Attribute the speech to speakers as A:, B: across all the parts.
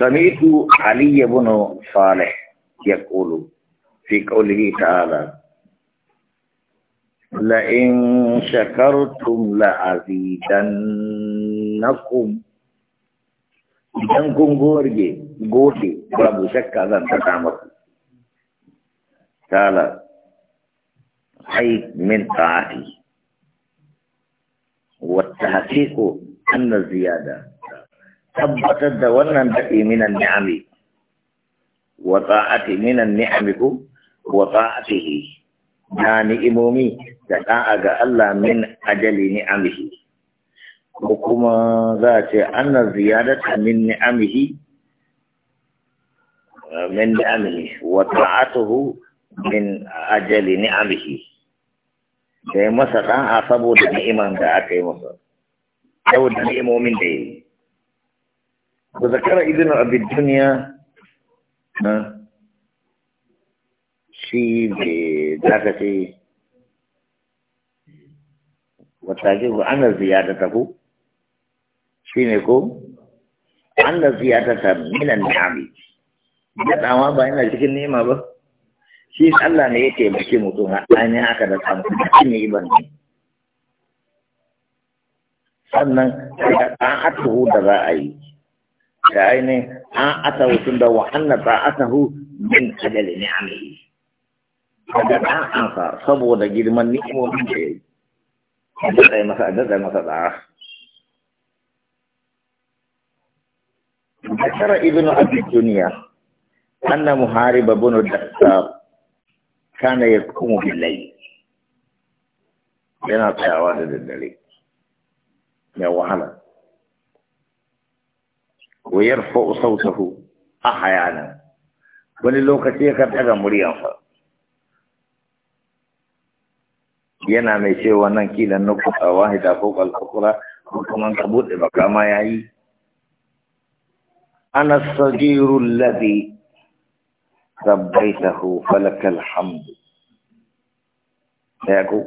A: سمعت علي بن صالح يقول في قوله تعالى لئن شكرتم لعزيدنكم إذنكم غوري غوري بابو شكا ذن تتعمر قال حيث من طاعتي والتحقيق أن الزيادة tabbatar da wannan daɗi minan ni'ami wa ta'ati minan ni'ami ku wa ta'atihi na ni'imomi da ɗa'a ga Allah min ajali ni'amihi ko kuma za a ce annar ziyadata min ni'amihi min ni'amihi wa ta'atuhu min ajali ni'amihi da ya masa ɗa'a saboda ni'iman da aka yi masa saboda ni'imomin da ya yi وذكر ابن ابي الدنيا شيء بذاته وتاجه ان زيادته شينكو ان زيادته من النعم يدعوا بين cikin nema با shi Allah ne yake baki mutum ainihin haka da samun shi ne iban ne sannan an atuhu da za a yi da ainihin an ata tun da wahanna ta ata hu min ajali ni'amihi daga an ansa saboda girman ni'imomin da ya yi a daɗa masa a daɗa masa tsara duniya. ابن أبي الدنيا أن محارب ta الدكتار ya kuma بالليل yana tsayawa da daddare mai wahala ويرفع صوته أحيانا وللو كثير كان هذا ينا مي وانا كيلا نقطة واحدة فوق الأخرى ثم تبوت بقى يعي أنا الصغير الذي ربيته فلك الحمد سيكو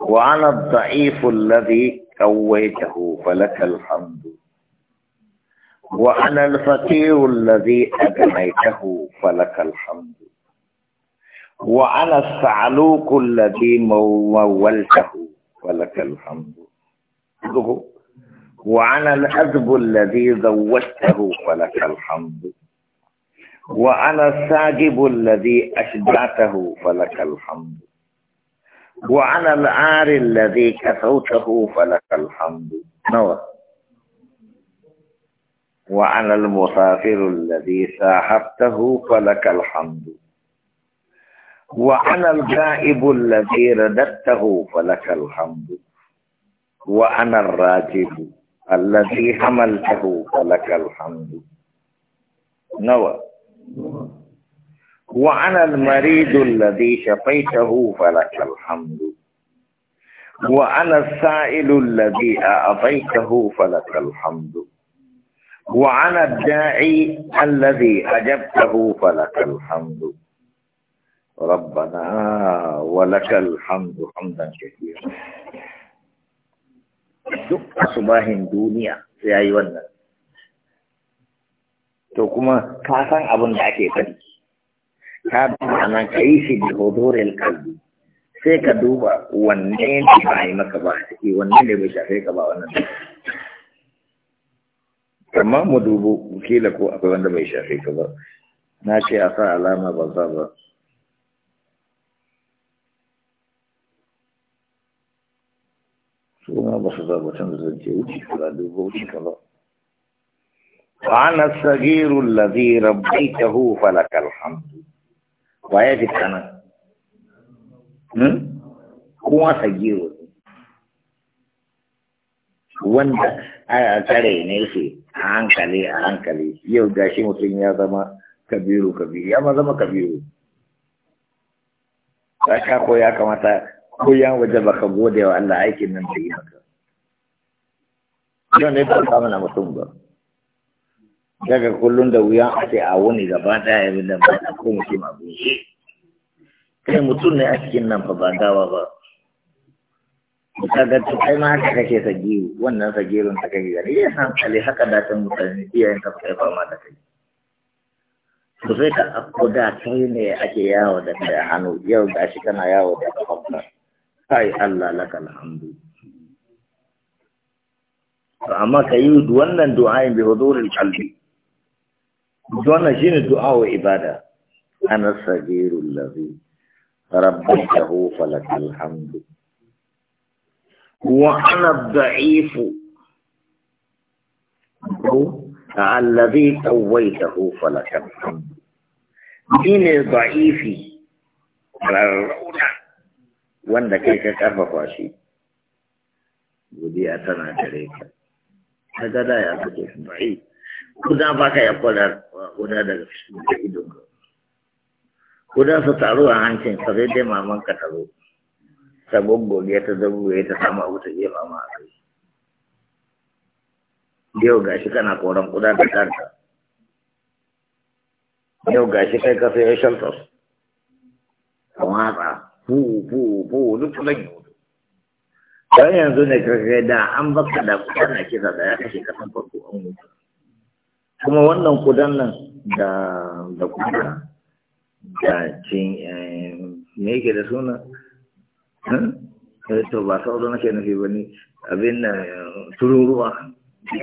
A: وأنا الضعيف الذي قويته فلك الحمد وأنا الفقير الذي أغنيته فلك الحمد وأنا الثعلوك الذي مولته فلك الحمد وأنا الأذب الذي زوجته فلك الحمد وأنا الساجب الذي أشبعته فلك الحمد وأنا العار الذي كسوته فلك الحمد نور وأنا المسافر الذي ساحبته فلك الحمد وأنا الغائب الذي رددته فلك الحمد وأنا الراجب الذي حملته فلك الحمد نوى وأنا المريض الذي شفيته فلك الحمد وأنا السائل الذي أعطيته فلك الحمد وعن الداعي الذي أجبته فلك الحمد ربنا ولك الحمد حمدا كثيرا duk asubahin duniya sai yi wannan to kuma ka san abin da ake faɗi ka ana ka yi shi da hodorel kalbi sai ka duba wanne ba yi maka wanne bai shafe ka ba wannan amma mu dubu kila ko akwai wanda bai shafe ka ba na ce a sa alama ba za ba suna ba su zaba can zan ce wuce kaza dubu wuce kaza وعن الصغير الذي ربيته فلك الحمد waye fita nan kuma sagiro wanda a tare ne shi a hankali a hankali yau gashi mutum ya zama kabiru kabiru ya ma zama kabiru ta ka ko ya kamata ko ya waje baka gode wa Allah aikin nan da yi maka yau ne ba ka mana mutum ba daga kullum da wuyan a ce a wani gaba daya ya bi da ba ko mutum a kai mutum ne a cikin nan fa ba dawa ba kaga ta kai ma haka kake sagiru wannan gerun eh, ta kai gari ya san kale haka da ta mutane iyayen ka kai ma da kai to sai ka afko da kai ne ake yawo da kai a hannu yau ga shi kana yawo da kafa kai Allah laka alhamdu to amma ka yi wannan du'ayin bi huduril qalbi wannan shine du'a wa ibada ana sagirul ladhi rabbuka hu falakal hamdu وأنا الضعيف الذي قويته فلك الحمد دين ne على rarrauna wanda kai ka karfafa shi godiya tana gare ka ta gada ya fito bai kuda ba ka ya kula kuda daga cikin idon ka kuda su taru a hancin sai dai maman ka taro ta goggoge ta zabgoye ta sama abu ta jefa ma a kai yau gashi kana koran kuda da kanka yau gashi kai ka ya shelters a matsa fu fu fu duk tunan yau don yanzu ne kaga da an baka da kudan na kisa da ya kashe kasan farko an mutu kuma wannan kudan nan da da kuka da cin eh, me yake da suna Eh, to ba sauro nake nufi ba ne abin da tururuwa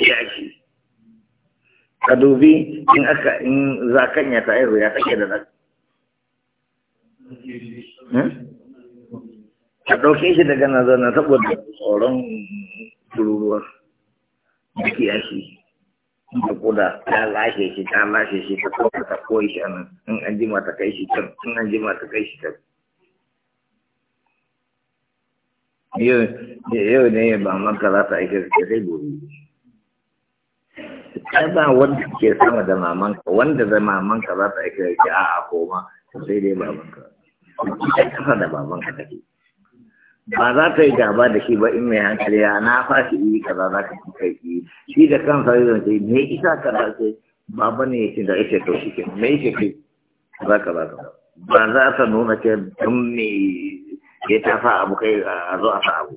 A: yaki ka dubi in aka in zakanya ta ya take da nan hmm? ka ɗauke shi daga na zana saboda tsoron tururuwa da kiyashi da kuda ta lashe shi ta lashe shi ta kuma ta koyi shi a nan in an jima ta kai shi can in an jima ta kai shi can yau ne ba maka za ta aika da sai gobe ai ba wanda ke sama da mamanka wanda da mamanka za ta aika da a a koma sai dai mamanka ita kasa da mamanka take ba za ta yi gaba da shi ba in mai hankali ya na fashi yi kaza za ka kai yi shi da kansa yi zance me isa ka za ce baba ne yake da ita to shi ke me yake kai za ka za ka ba za ta nuna ke don me ya ta sa abu kai a zo a sa abu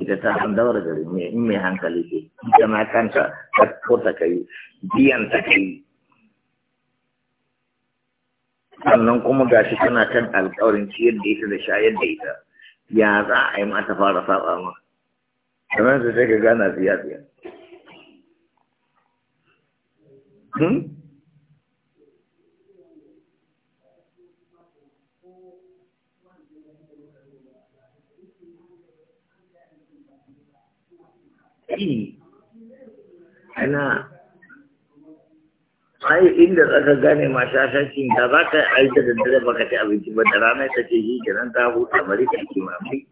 A: ita ta san daura gari mai in mai hankali ce ita na kanta ta ko ta kai biyan ta kai sannan kuma gashi tana kan alkawarin ciyar da ita da shayar da ita ya za a yi mata fara saba ma kamar da sai ka gana tsiya tsiya hmm? Hmm. ana ai inda tsaka gane ma shashashin da za ka yi da daddare baka ci abinci ba da rana ta ce shi kenan ta huta bari ka ci mafi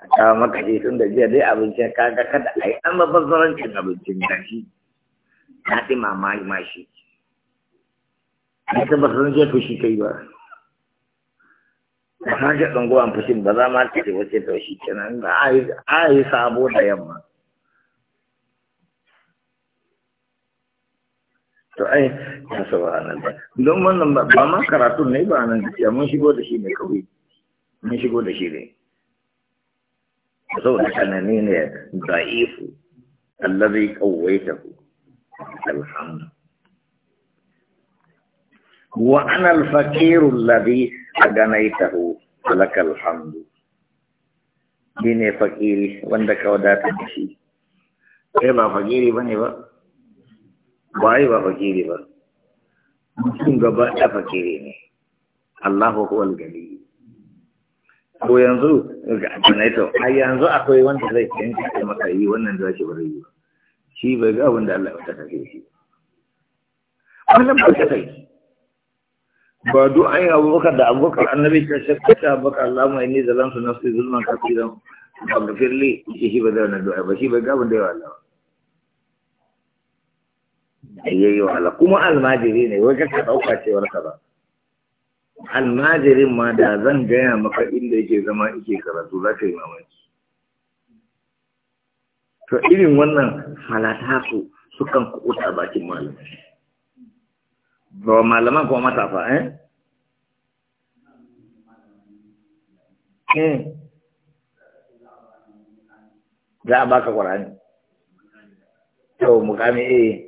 A: a kawo maka ce tun da jiya dai abincin ka ga kada a yi an mabazzarancin abincin da shi na fi mamaki ma shi na ta ba san shi fushi kai ba ta hajjar ɗanguwan fushin ba za ma ta ce wace to shi kenan a yi sabo da yamma to ai ya saba nan ba don wannan ba ma karatu ne ba nan ya mun shigo da shi ne kawai mun shigo da shi ne da kana ne ne da'ifu allazi qawaitahu alhamdu wa ana alfaqir allazi aganaitahu lakal hamdu ni ne fakiri wanda ka wadatar da shi sai ba fakiri bane ba ba yi ba fakiri ba mutum gaba da fakiri ne Allahu huwal gani ko yanzu ga abinaito a yanzu akwai wanda zai yanka da maka yi wannan da shi bari yi shi bai ga abin da Allah ya saka shi wannan ba ta kai ba du'a ai abubakar da abubakar annabi ta shakkata abubakar Allahumma inni zalamtu nafsi zulman kafiran firli shi ba da wannan du'a ba shi bai ga abin da ya Allah ayyayi yi wahala kuma almajiri ne wai kaka ɗauka cewar ka ba almajirin ma da zan gaya maka inda yake zama yake karatu za ka yi mamaki to irin wannan halata su sukan kuɓuta bakin malamai ba malaman kuma matafa eh, eh. za a baka ƙwarani to mukami eh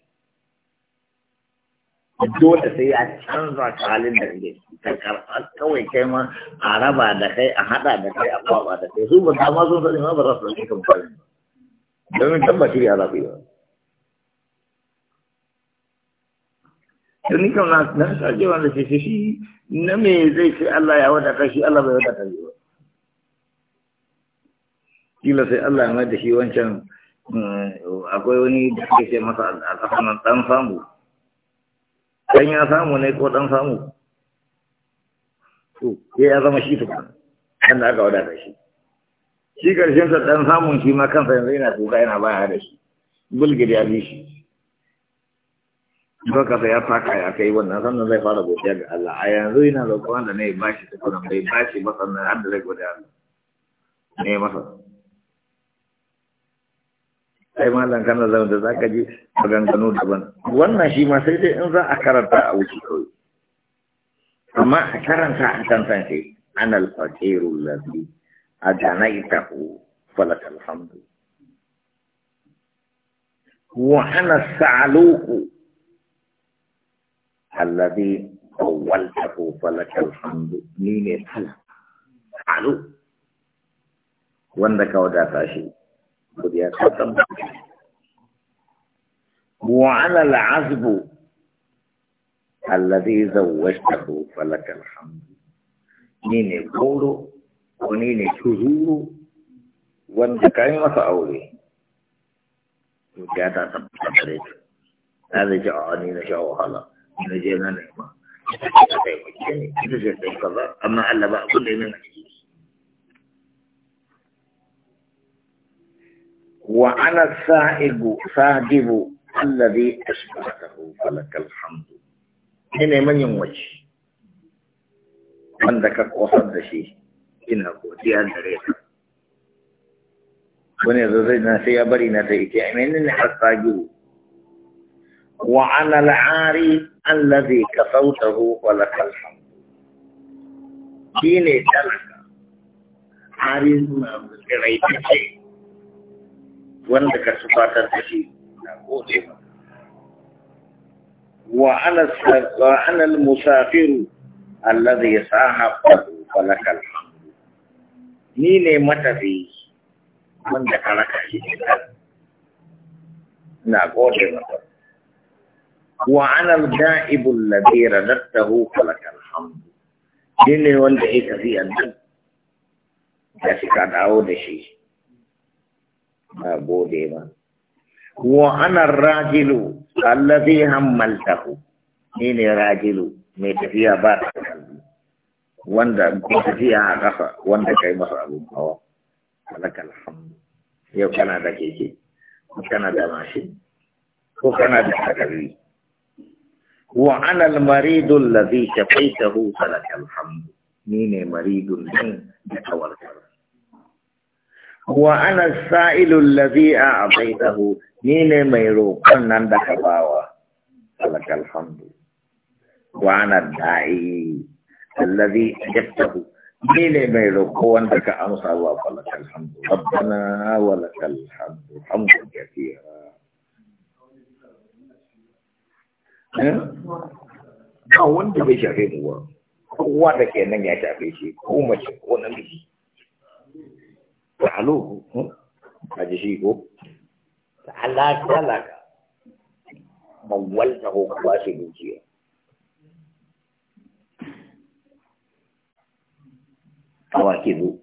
A: dole sai a canza halin da kake ka karɓa kawai kai ma a raba da kai a haɗa da kai a kwaba da kai su ba ta ma sun sani ma ba za su ɗauki kan fari domin tabbaci ya zaɓi ba tuni kam na na sake wanda ce shi shi na me zai ce Allah ya wadata kashi, Allah bai wadata kashi ba kila sai Allah ya mai da shi wancan akwai wani da ke ce masa a al'afanan ɗan samu dan ya samu ne ko dan samu to ke ya zama shi tukun da aka wadata shi shi karshen sa dan samun shi ma kansa yanzu yana tuka yana baya da shi bulgir ya bi shi Baka ya faka ya kai wannan sannan zai fara godiya ga Allah a yanzu yana roƙon da ne ba shi tukun bai ba shi ba sannan har da zai godiya Allah ne masa ai malam kana zama da zaka je maganganu daban wannan shi ma sai dai in za a karanta a wuce kawai amma a karanta a kan san sai ana alfaqiru ladhi adanaitahu falak alhamdu wa ana sa'aluku alladhi awwaltahu falak alhamdu ni ne sa'alu wanda ka wadata shi الدنيا وعلى العزب الذي زوجته فلك الحمد نيني قولو ونيني شزورو وانت كلمة أولي جاتا تبتدريت هذا جاء نينا جاء وحالا نينا جينا نعمة أما ألا بقى كل نعمة wa ana sa'ibu sahibu a asbakahu falakal hamdu manyan wace wanda ka kosar da shi ina godiya da wani zai na sai ya bari na ta ike a menene har sagiru wa ana wanda ka sufatar da shi na gode maka wa ana wa ana al-musafiru falakal ni ne matafi wanda ka raka shi na gode maka wa ana al-da'ibul ladhi radatahu falakal hamdu ni ne wanda ya tafi annan da shi ka dawo da shi na gode ma wa ana rajilu allazi hammaltahu ni ne rajilu mai tafiya ba ta kalbi wanda ko tafiya a kafa wanda kai masa abu hawa alaka alhamdu yau kana da keke kana da mashin ko kana da takalmi wa ana almaridu allazi shafaitahu falaka alhamdu ni ne maridun din da tawarkar وأنا السائل الذي أعطيته نيني ميرو كنن دكباوة لك الحمد وأنا الداعي الذي أجبته نيني ميرو كون دك أمسى فلك الحمد ربنا ولك الحمد حمد كثيرا ها wanda bai shafe mu ba kowa da ke nan ya shafe shi ko ta'aluhu a ji shi ko ta'ala talaka mawalta ko kuma awa